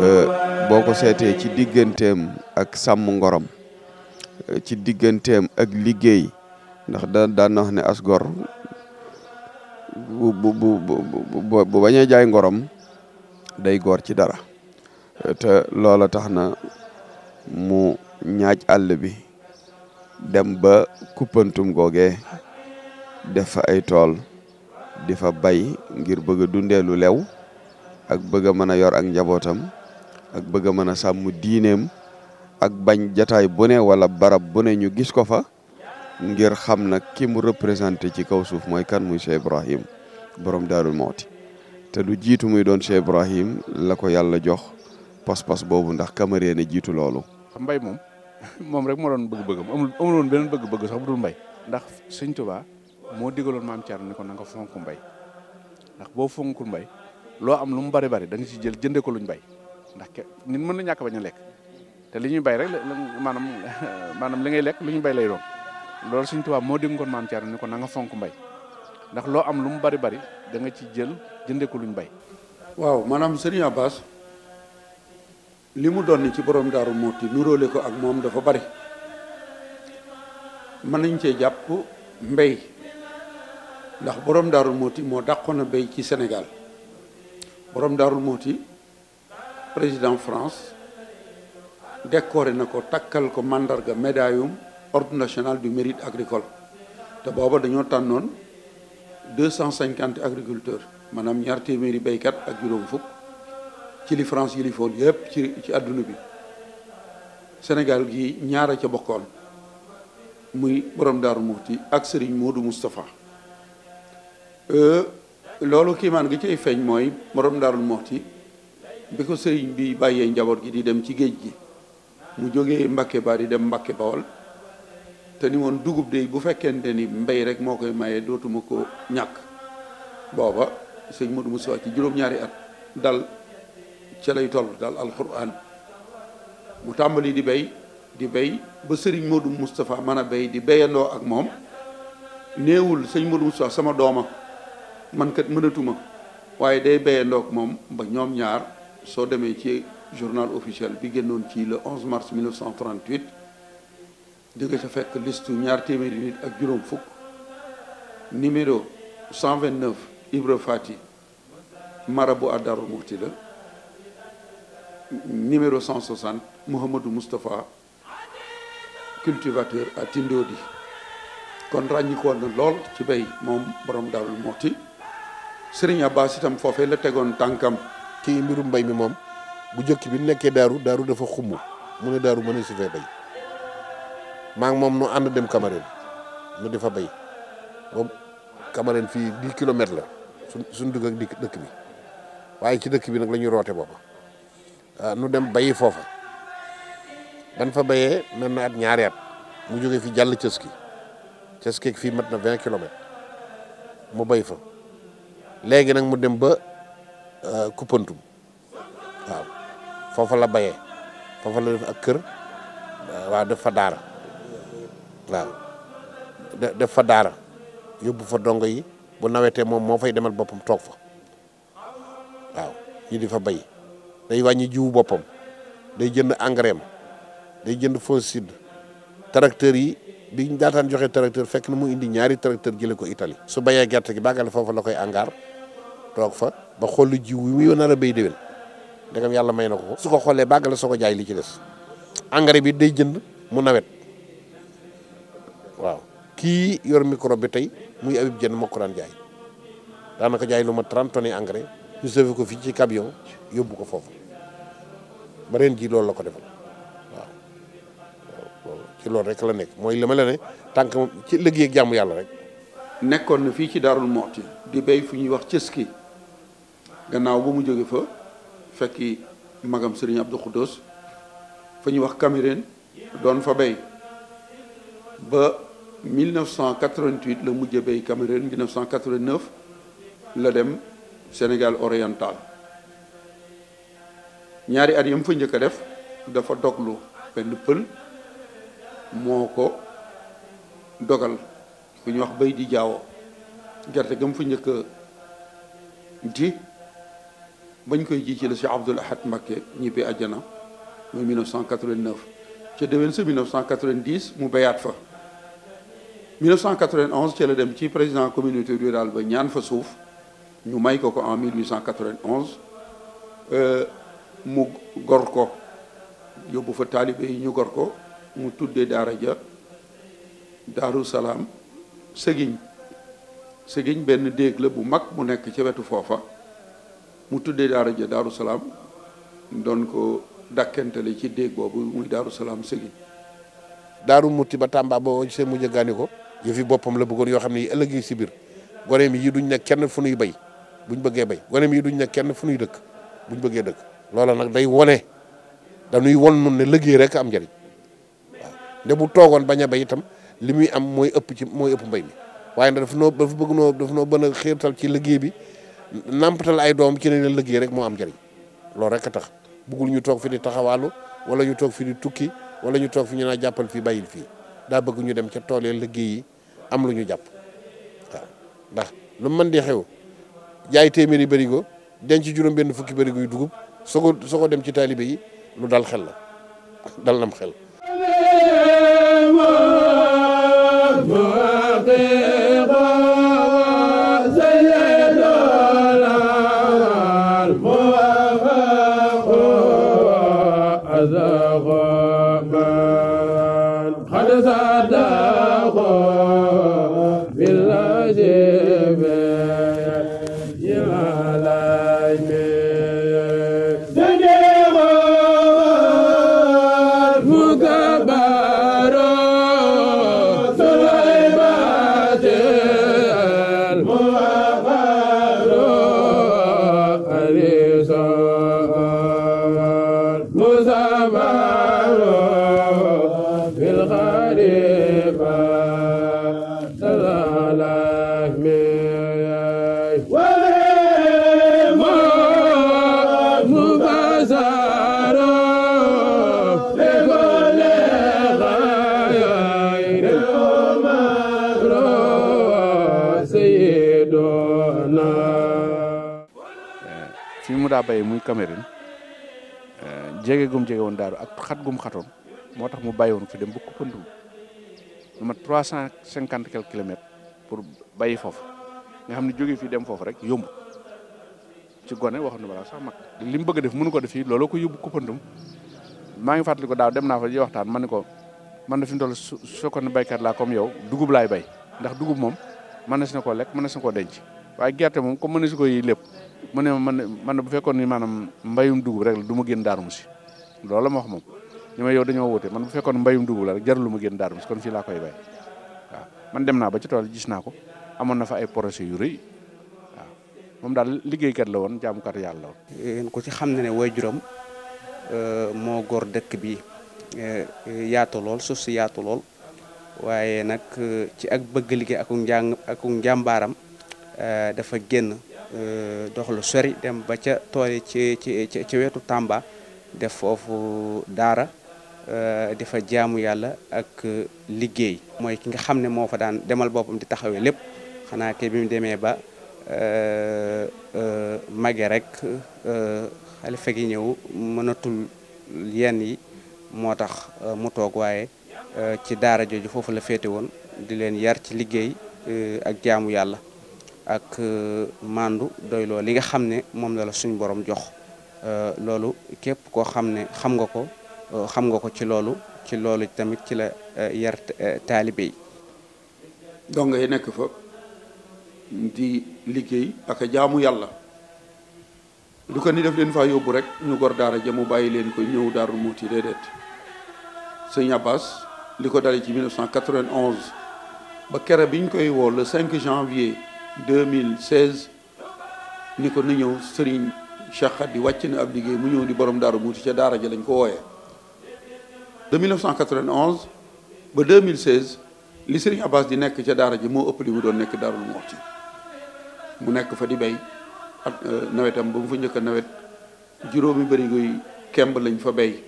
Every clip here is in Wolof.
Euh, boo ko seetee ci digganteem ak sàmm ngorom ci digganteem ak liggéey ndax da daan na ne as gor bu bu bu bu bañee day gor ci dara te loola tax na mu ñaaj àll bi dem ba kuppantum googee def fa ay tool di fa bay ngir bëgg a dundee lu lew ak bëgg a a yor ak njabootam ak bëgg a mën a sàmm diineem ak bañ jotaay bu ne wala barab bu ne ñu gis ko fa ngir xam nak ki mu représenter ci kaw suuf moy kan muy Cheikh Ibrahim borom darul Mawti te lu jitu muy doon Cheikh Ibrahim la ko yalla jox pas-pas bobu ndax Camérien ne jitu loolu. mbay mom mom rek mo doon bëgg-bëggam amul amul won benen bëgg-bëgg sax bu dul mbay. ndax seigne touba mo digalon mam tiar ne ko nga fonku mbay ndax bo fonku mbay lo am lu mu bari bari da nga ci jël jënde ko luñ bay ndax nit mëna ñak lek te li ñuy bay rek maanaam maanaam li ngay lekk lu ñu bay lay doon loolu suñ waa moo dénkoon maam Thierno ni ko na nga fonk mbay ndax loo am lu mu bari bari danga nga ci jël jënde ko lu ñu bay. waaw maanaam Serigne Abbas li mu doon ni ci borom daaru Moti nuróole ko ak moom dafa bari mën nañ cee jàpp mbay ndax borom daaru Moti moo dàqoon a bay ci Sénégal borom daarul Moti président France. décoré na ko takkal ko màndarga médaillum ordre national du mérite agricole te booba dañoo tànnoon deux cent cinquante agriculteurs maanaam ñaar téeméeri béykat ak juróom fukk ci li France yi li foon yépp ci ci àdduna bi Sénégal gi ñaara ca bokkoon muy borom Daaru Muxti ak Serigne Modou Moustapha euh, loolu kiimaan gi cay feeñ mooy borom Daaru Muxti bi ko Serigne bi bàyyee njaboot gi di dem ci géej gi mu jógee Mbàkke Bari dem Mbàkke Bawol te ni woon dugub de bu fekkente ni mbéy rek moo koy mayee dootuma ko ñàkk booba sëñ Modou Moussa ci juróom-ñaari at dal ca lay toll dal alquran mu tàmbali di béy di béy ba sëriñ Modou Moustapha man a béy di béyandoo ak moom néewul sëñ Modou Moustapha sama dooma man kat mënatuma waaye day béyandoo ak moom ba ñoom ñaar soo demee ci journal officiel bi le 11 mars 1938 de liste fekk ñaar à nit numéro 129 Ibra Fati marabu Adar numéro 160 Muhammadou Mustafa, cultivateur à Tindodi kon ràññikoon na lool ci bay mom borom Darou Mouhty Serigne Abbas itam foofee la tegoon qui mbirum bay mi mom bu jëkk bi nekkee daaru daaru dafa xumb mu ne daaru mën a su fee bay maa moom nu ànd dem Cameroun nu di fa bay boobu Cameroun fii dix kilomètres la su suñ dugg dëkk bi waaye ci dëkk bi nag la ñuy roote booba ah, nu dem bayi foofa ban fa bayee mel na at ñaari at mu jógee fi jàll cëski cëski fii mat na vingt kilomètres mu bay fa léegi nag mu dem ba ah, Koupantoum foofa la bayee foofa la ak kër waaw def fa daara waaw def fa daara yóbbu fa dongo yi bu nawetee moom moo fay demal boppam toog fa waaw ñu di fa bay day wàññi jiwu boppam day jënd engrais am day jënd fongicide tracteur yi biñ daataan joxe tracteur fekk na mu indi ñaari tracteur jële ko itali su bayee gerte gi bàggale foofa la koy angaar toog fa ba xool jiw yi mu nar a béy déwén dagam yàlla may na ko su ko xoolee bàgg la soo ko jaay li ci des engrais bi day jënd mu nawet waaw kii yor micro bi tey muy Habib Diène moo jaay daanaka jaay lu ma 30 tonnes engrais ñu ko fii ci camion yóbbu ko foofu ba ren loolu la ko defal ci loolu rek la nekk mooy li ma la ne tànk ci liggéey ak jàmm yàlla rek. nekkoon na fii ci Darou Mouhty di béy fu ñuy wax cëski gannaaw ba mu jóge fa. fekki magam Serigne Abdou Khoudous fa wax Cameroun doon fa bay ba 1988 le mujjé bay Cameroun 1989 la dem Sénégal oriental ñaari at yam fa ñëk def dafa doglu ben peul moko dogal ku wax bay di jaawo gerte gam fa ñëk di bañ koy ji ci la Cheikh Abdoul Ahad Mbacké ñibbi àjjana mooy 1989 ca déwén sa 1990 mu béyaat fa 1991 ca la dem ci président communauté rurale ba ñaan fa suuf ñu may ko ko en 1891 mu gor ko yóbbu fa taalibe yi ñu gor ko mu tuddee daara ja daaru salaam sëgiñ sëgiñ benn déeg la bu mag mu nekk ca wetu foofa mu tuddee daara ja daaru salaam doon ko dàkkantale ci déeg boobu muy daaru salaam sëgi daaru muti ba Tamba boo gisee mu jëggaani ko fi boppam la bëggoon yoo xam ne yi ëllëg yi si biir goneem yi duñ nekk kenn fu nuy bay buñ bëggee bay goneem yi duñ nekk kenn fu nuy dëkk buñ bëggee dëkk loola nag day wone danuy won nun ne liggéey rek am njëriñ waaw nde bu toogoon bañ a bay itam li muy am mooy ëpp ci mooy ëpp mbay mi waaye nag noo dafa bëgg noo daf bën a xiirtal ci liggéey bi nàmpatal ay doom ci ne leen liggéey rek moo am njëriñ loolu rek tax bëggul ñu toog fi di taxawaalu wala ñu toog fi di tukki wala ñu toog fi ñu naa jàppal fii bàyyil fii daa bëgg ñu dem ca tool yi liggéey yi am lu ñu jàpp ndax lu mën di xew jaay téeméeri bërigo denc juróom-benn fukki bërigo dugub soo ko dem ci taalibe yi lu dal xel la dal nam xel. قد صدق بالله fi mu daa béyee muy Cameroun euh, jege gum jege woon daaru ak xat gum xatoon moo tax mu bàyyi woon fi dem bu Koumpentoum lu mat trois cent cinquante quelques kilomètres pour bàyyi foofu nga xam ne jóge fii dem foofu rek yomb ci gone waxoon na balaa sax mag li mu bëgg def mënu ko def fii looloo ko yóbbu Koumpentoum maa ngi fàttali ko daaw dem naa fa ji waxtaan ma ne ko man na fi mu toll su fekkoon ne laa comme yow dugub laay bay ndax dugub moom mën na si ko koo lekk mën na si na koo denc waaye gerte moom comme mën na si ko yi lépp mu ne man man bu fekkoon ni maanaam mbayum dugub rek la du ma génn Darou Moussi loolu la ma wax moom ni ma yow dañoo wute man bu fekkoon mbayum dugub la rek jarul lu ma génn Darou Moussi kon fii laa koy bay waaw man dem naa ba ci tool gis naa ko amoon na fa ay projet yu rëy waaw moom la ci xam ne ne waajuram euh, mo gor dëkk bi euh, yaatu lool suuf si yaatu lool waaye euh, ci ak bëgg liggéey ak njàng ak dafa Euh, dox lu sori dem ba ca tool yi ci ci ci wetu tàmba def foofu daara euh, di fa jaamu yàlla ak liggéey. mooy ki nga xam ne moo fa daan demal boppam di taxawe lépp xanaa kay bi mu demee ba euh, mage rek xalifa gi ñëw mënatul yenn yi moo tax mu toog waaye ci daara jooju foofu la féete woon di leen yar ci liggéey ak jaamu yàlla. ak mandu doyloo li nga xamne mom la suñu borom jox loolu képp koo xam ne xam nga ko xam nga ko ci lolu ci lolu tamit ci la yar taalibe donc dong nek nekk fa di liggey ak jaamu yàlla du ko ni def len fa yóbbu rek ñu gor daara ja bayi len ko ñëw daaru muti dedet seigne Abbas liko ko dale ci 1991 ba kere biñ koy woo le 5 janvier 2016 ni ko na ñëw Serigne Cheikh Khady wàcc na ab liggéey mu ñëw di borom Daaru Muuti ca daara ja lañ ko wooyee de 1991 ba 2016 li Serigne Abbas di nekk ca daara ji moo ëpp li mu doon nekk Daaru Muuti mu nekk fa di bay at euh, nawetam ba mu fa njëkk a nawet juróomi bërigo yi kemb lañ fa bay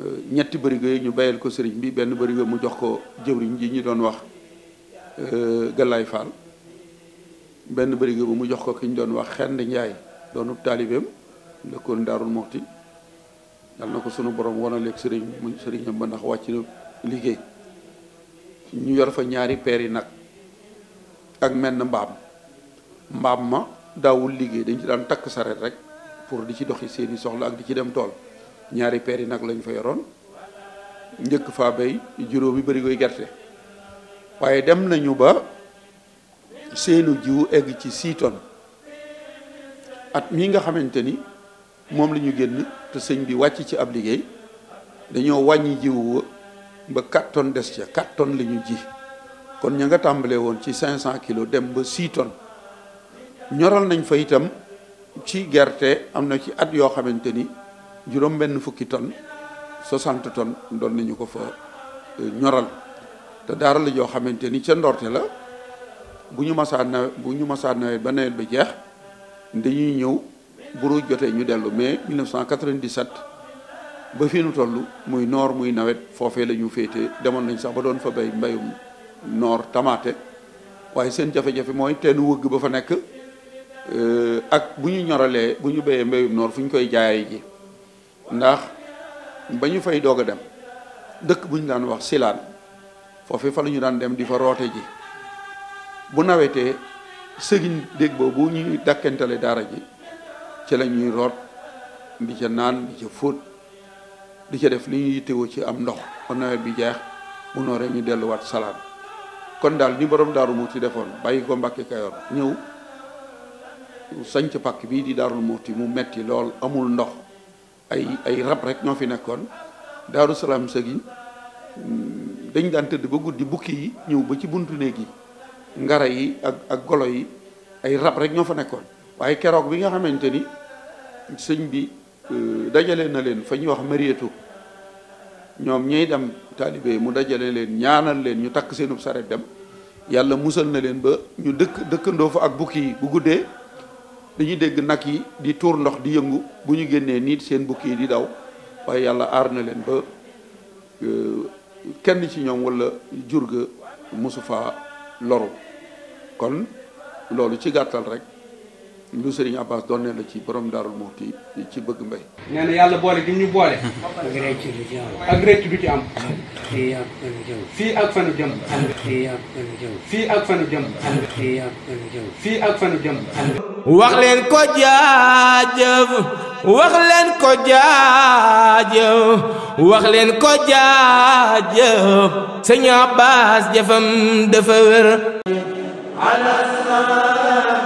euh, ñetti bërigo yi ñu bayal ko Serigne bi benn bërigo mu jox ko jëwriñ ji ñu doon wax euh, Galaay Fall Benda bërigo bu mu jox ko ki ñu doon wax xend ñay doonub talibem le daarul moxti yal dal nako sunu borom wanaleeg serigne mu serigne ba ndax wacc na liggéey ñu yor fa ñaari nak ak men mbam mbam ma dawul liggéey dañ ci daan tak saret rek pour di ci doxi seeni soxla ak di ci dem tol ñaari peeri nak lañ fa yoron ñeuk fa bay bari goy gerté waye dem nañu ba seenu jiwu egg ci six tonnes at mii nga xamante ni moom la ñu génn te sëñ bi wàcc ci ab liggéey dañoo wàññi jiwu ba quatre tonnes des ca quatre tonnes lañu ji kon ña nga tàmbalee woon ci cinq cent kilos dem ba six tonnes ñoral nañ fa itam ci gerte am na ci at yoo xamante ni juróom benn fukki tonnes soixante tonnes doon nañu ko fa eh, ñoral te daara la xamante ni ca ndorte la bu ñu masaan nawet bu ñu masaan nawet ba nawet bi jeex dañuy ñëw buru jotee ñu dellu mais cent 1997 ba fi nu toll muy noor muy nawet foofee la ñu féetee demoon nañ sax ba doon fa bay mbayum noor tamaate waaye seen jafe-jafe mooy teenu wëgg ba fa nekk euh, ak bu ñu ñoralee bu ñu bayee mbayum noor fu ñu koy jaayee ji ndax ba ñu fay doog a dem dëkk bu ñu daan wax silaan foofu fa la ñu daan dem di fa roote ji bu nawetee sëgiñ déeg boobu ñuy dakentale dara ji ci la ñuy root di ci naan di ci foot di ci def li ñuy yittewoo ci am ndox ba nawet bi jeex bu nooree ñu wat salat kon dal ni borom mu ci defoon bayyi ko mbacke kayor ñew sañca pak bi di daarul muuti mu metti lool amul ndox ay ay rab rek ñoo fi nekkoon daru salam sëgiñ mm, dañ dan tëdd ba guddi bukki yi ba ci buntu néeg yi ngara yi ak ak golo yi ay rab rek ñoo fa nekkoon waaye keroog bi nga xamante ni sëñ bi euh, dajale na leen fa ñuy wax merietu ñoom ñey dem taalibe mu dajale leen ñaanal leen ñu takk seenub saret dem yàlla musal na leen ba ñu dëkk dëkkandoo fa ak bukki bu guddee dañuy dégg nag yi di tuur ndox di yëngu bu ñu génnee nii seen bukki yi di daw waaye yàlla aar na leen ba euh, kenn ci ñoom walla jur ga mosu faa loru kon loolu ci gàttal rek lu Serigne Abbas doon ne la ci borom Daarul Muxti ci bëgg mbay yàlla boole gi boole. ak rëcc ci am. fii ak fanu jëm. fii ak fanu jëm. fii ak fanu jëm. fii ak fanu jëm. fii ko jaajëf wax ko jaajëf wax leen ko jaajëf sëñ Abbas jëfam dafa wér. على السلام